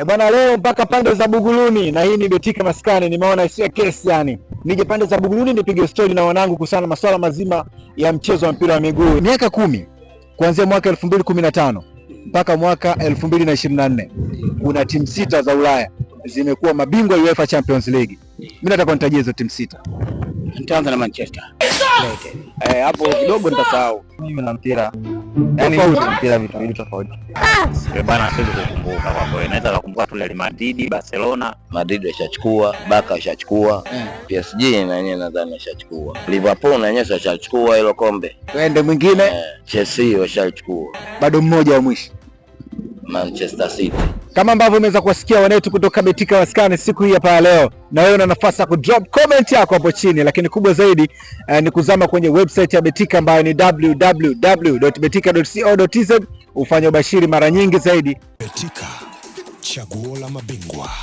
E bwana, leo mpaka pande za Buguruni, na hii ni Betika Maskani. Nimeona isiyo kesi, yani nije pande za Buguruni nipige stori na wanangu kuhusiana na masuala mazima ya mchezo wa mpira wa miguu. Miaka kumi kuanzia mwaka 2015 mpaka mwaka 2024 kuna timu sita za Ulaya zimekuwa mabingwa UEFA Champions League. Mimi nataka nitajie hizo timu sita. Nitaanza na Manchester United. Eh, hapo kidogo nitasahau. Mimi na mpira. Yaani na mpira vitu vingi tofauti. Eh, bana siwezi kukumbuka kwa kweli. Naweza kukumbuka tu Real Madrid, Barcelona. Madrid ashachukua, Barca ashachukua, PSG na yeye nadhani ashachukua. Liverpool na yeye ashachukua hilo kombe. Twende mwingine. Eh, Chelsea washachukua. Bado mmoja wa mwisho. Manchester City. Kama ambavyo umeweza kuwasikia wanetu kutoka Betika wasikani siku hii hapa leo, na wewe una nafasi ya drop comment yako hapo chini, lakini kubwa zaidi eh, ni kuzama kwenye website ya Betika ambayo ni www.betika.co.tz ufanye ubashiri mara nyingi zaidi. Betika, chaguo la mabingwa.